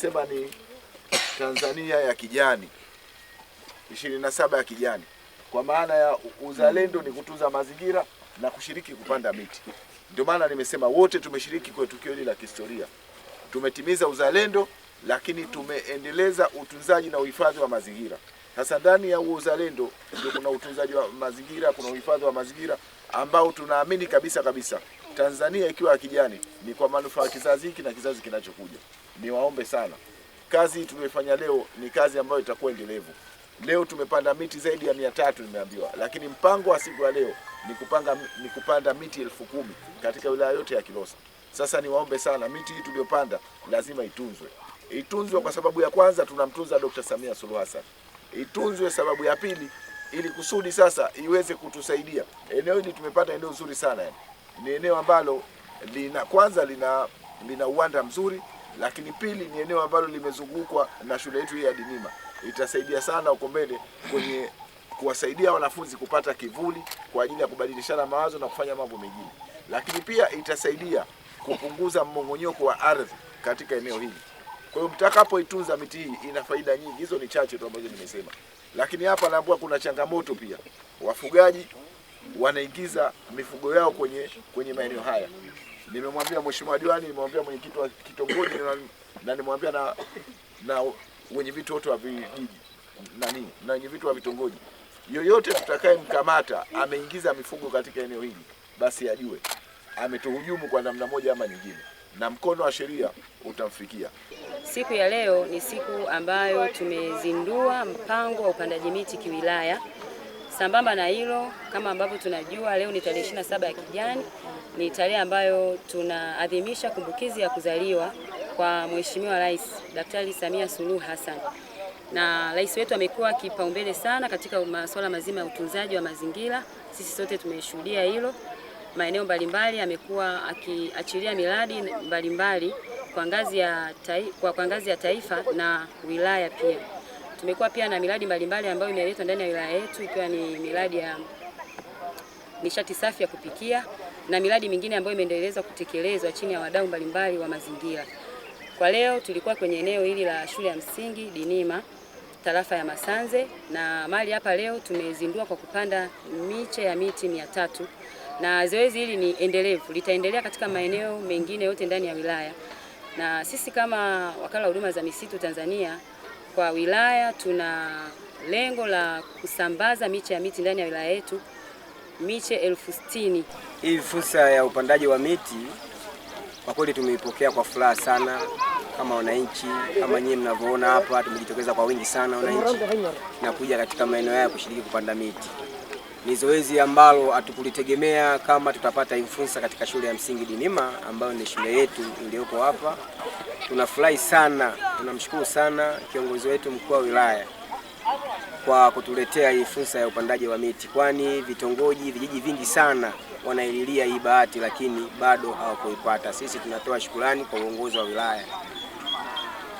tunasema ni Tanzania ya kijani, ishirini na saba ya kijani, kwa maana ya uzalendo ni kutunza mazingira na kushiriki kupanda miti. Ndio maana nimesema wote tumeshiriki kwa tukio hili la kihistoria, tumetimiza uzalendo, lakini tumeendeleza utunzaji na uhifadhi wa mazingira. Sasa ndani ya huo uzalendo ndio kuna utunzaji wa mazingira, kuna uhifadhi wa mazingira ambao tunaamini kabisa kabisa Tanzania ikiwa ya kijani ni kwa manufaa kizazi hiki na kizazi kinachokuja niwaombe sana, kazi tuliyoifanya leo ni kazi ambayo itakuwa endelevu. Leo tumepanda miti zaidi ya mia tatu nimeambiwa, lakini mpango wa siku ya leo ni kupanga ni kupanda miti elfu kumi katika wilaya yote ya Kilosa. Sasa niwaombe sana, miti hii tuliyopanda lazima itunzwe, itunzwe kwa sababu ya kwanza tunamtunza Dr. Samia Suluhu Hassan, itunzwe sababu ya pili ili kusudi sasa iweze kutusaidia. Eneo hili tumepata eneo zuri sana, yani ni eneo ambalo lina kwanza lina lina uwanda mzuri lakini pili ni eneo ambalo limezungukwa na shule yetu hii ya Dinima. Itasaidia sana huko mbele kwenye kuwasaidia wanafunzi kupata kivuli kwa ajili ya kubadilishana mawazo na kufanya mambo mengine, lakini pia itasaidia kupunguza mmomonyoko wa ardhi katika eneo hili. Kwa hiyo mtakapoitunza miti hii ina faida nyingi, hizo ni chache tu ambazo nimesema, lakini hapa naambua kuna changamoto pia wafugaji wanaingiza mifugo yao kwenye kwenye maeneo haya. Nimemwambia mheshimiwa diwani, nimemwambia mwenyekiti wa kitongoji na nimemwambia na na wenye vitu wote wa vijiji nini na wenye vitu wa vitongoji, yoyote tutakaye mkamata ameingiza mifugo katika eneo hili, basi ajue ametuhujumu kwa namna moja ama nyingine, na mkono wa sheria utamfikia. Siku ya leo ni siku ambayo tumezindua mpango wa upandaji miti kiwilaya. Sambamba na hilo, kama ambavyo tunajua, leo ni tarehe ishirini saba ya Kijani, ni tarehe ambayo tunaadhimisha kumbukizi ya kuzaliwa kwa Mheshimiwa Rais Daktari Samia Suluhu Hassan, na rais wetu amekuwa kipaumbele sana katika masuala mazima ya utunzaji wa mazingira. Sisi sote tumeshuhudia hilo, maeneo mbalimbali amekuwa akiachilia miradi mbalimbali kwa ngazi ya taifa, kwa ngazi ya taifa na wilaya pia. Tumekuwa pia na miradi mbalimbali ambayo imeletwa ndani ya wilaya yetu ikiwa ni miradi ya nishati safi ya kupikia na miradi mingine ambayo imeendelezwa kutekelezwa chini ya wadau mbalimbali wa mazingira. Kwa leo tulikuwa kwenye eneo hili la shule ya msingi Dinima tarafa ya Masanze na mali hapa leo tumezindua kwa kupanda miche ya miti mia tatu na zoezi hili ni endelevu, litaendelea katika maeneo mengine yote ndani ya wilaya, na sisi kama wakala wa huduma za misitu Tanzania kwa wilaya tuna lengo la kusambaza miche ya miti ndani ya wilaya yetu miche elfu sitini. Hii fursa ya upandaji wa miti kwa kweli tumeipokea kwa furaha sana kama wananchi, kama nyinyi mnavyoona hapa, tumejitokeza kwa wingi sana wananchi na kuja katika maeneo haya kushiriki kupanda miti ni zoezi ambalo hatukulitegemea kama tutapata influencer katika shule ya msingi Dinima ambayo ni shule yetu iliyoko hapa. Tunafurahi sana, tunamshukuru sana kiongozi wetu mkuu wa wilaya kwa kutuletea hii fursa ya upandaji wa miti, kwani vitongoji, vijiji vingi sana wanaililia hii bahati, lakini bado hawakuipata. Sisi tunatoa shukrani kwa uongozi wa wilaya.